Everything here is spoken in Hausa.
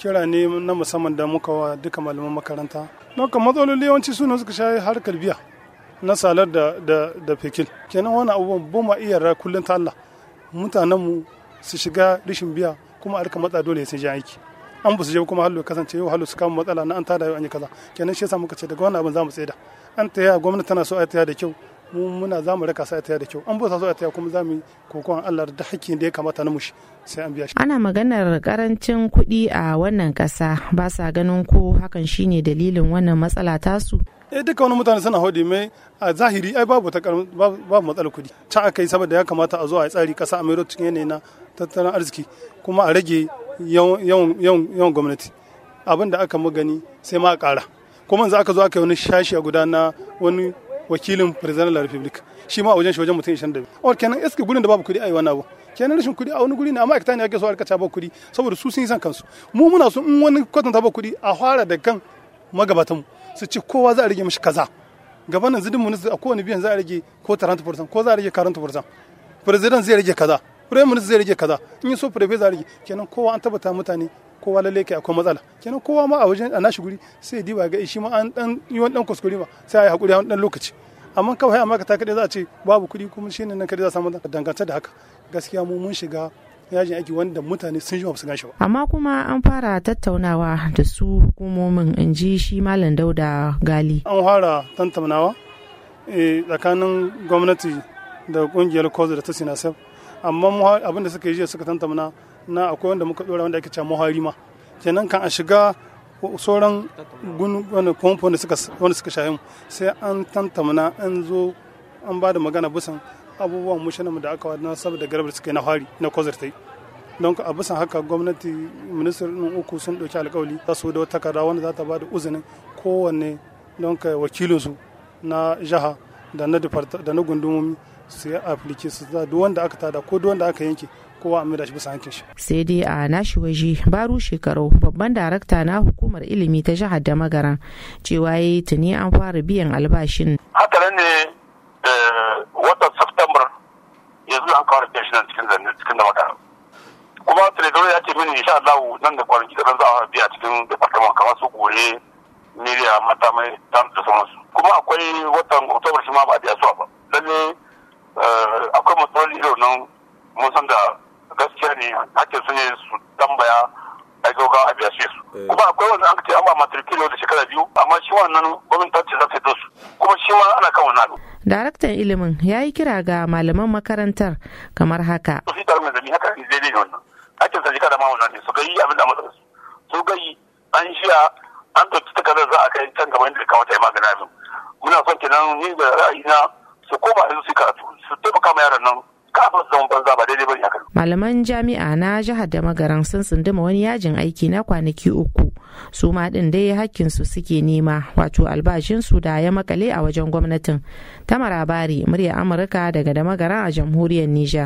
kira ne na musamman da muka wa duka malaman makaranta Nauka matsaloli yawanci suna suka sha harkar biya na salar da da da kenan wani abubuwan ba ma iya ra kullum ta Allah mutanenmu su shiga rishin biya kuma a rika matsa dole sai aiki an ba su je kuma halu kasance yau halu su kama matsala na an tada yau an yi kaza kenan shi yasa muka ce daga wani abin za mu tsaida an taya gwamnati tana so a taya da kyau mu muna za mu raka su da kyau an bauta zo a taya kuma za mu kokon Allah da hakkin da ya kamata na mushi sai an biya shi ana maganar karancin kuɗi a wannan ƙasa ba sa ganin ko hakan shine dalilin wannan matsala tasu eh duka wani mutane suna hodi mai a zahiri ai babu babu matsalar kuɗi ta aka yi saboda ya kamata a zo a tsari ƙasa a mero cikin yanayi na tattalin arziki kuma a rage yawan gwamnati abin da aka magani sai ma a ƙara kuma za aka zo aka yi wani shashi a guda na wani wakilin president la republic shi ma wajen shi wajen mutum 22 or kenan eske gurin da babu kudi a yi wani abu kenan rashin kudi a wani guri ne amma aikata ne ake so a rika ba kuɗi saboda su sun yi san kansu mu muna so in wani kwatanta ba kudi a fara da kan magabatan mu su ci kowa za a rage mishi kaza gabanin zidin minista a kowane biyan za a rage ko 30% ko za a rage 40% president zai rage kaza prime minister zai rage kaza in yi so prefect zai rage kenan kowa an tabbata mutane kowa lalle kai akwai matsala kenan kowa ma a wajen a nashi guri sai diba ga shi ma an dan yi wani dan kuskure ma sai a yi hakuri a wani dan lokaci amma kawai amma ka ta za a ce babu kuɗi kuma shi ne nan kadai za a samu dangantar da haka gaskiya mu mun shiga yajin aiki wanda mutane sun jima su gan ba. Amma kuma an fara tattaunawa da su hukumomin in ji shi Malam Dauda Gali. An fara tattaunawa eh, tsakanin gwamnati da kungiyar Kozu da ta Sinasef amma abin da suka yi jiya suka tantamna na akwai wanda muka dora wanda ake cewa muhari ma kenan kan a shiga sauran gun wani kwamfo wanda suka shahin sai an tantamna an zo an ba da magana busan abubuwan mushanmu da aka wadana saboda garabar suka yi na hari na kwazartai don a bisan haka gwamnati ministan uku sun ɗauki alkawali za su da takarda wanda za ta ba da uzinin kowanne don ka wakilinsu na jiha da na gundumomi sai a aplike su za duk wanda aka tada ko duk wanda aka yanke kowa a maida shi bisa hankin shi. Sai dai a nashi waje baru shekaru babban darakta na hukumar ilimi ta jihar da magaran cewa ya yi tuni an fara biyan albashin. Haka nan ne da watan September yanzu an kawo biyan shi nan cikin zanne cikin da magana. Kuma Tiridoro ya ce mini insha Allah nan da kwanaki da za a biya cikin departament kamar su gore, miliya, mata mai, da sauransu. hausan da gaskiya ne hake sun yi su tambaya ai gaugawa a biyashe su eh. kuma akwai wani an ce an ba matrikilo da shekara biyu amma shi wannan gwamnati ta ce za ta yi kuma shi ma ana kan wannan daraktan ilimin ya yi kira ga malaman makarantar kamar haka. su yi taron zami haka ne daidai ne wannan hakkin sa shekara ma wannan ne su ga yi abin da matsa su su ga yi an shiya an ɗauki takardar za a kai can gaba inda ta yi magana abin muna son kenan ni da ra'ayina su koma yanzu su karatu su taimaka ma yaran nan kafin banza ba daidai malaman jami'a na jihar da magaran sun tsunduma wani yajin aiki na kwanaki uku su ma din dai hakkin su suke nema wato albashin su da ya makale a wajen gwamnatin tamara bari murya amurka daga da magaran a jamhuriyar niger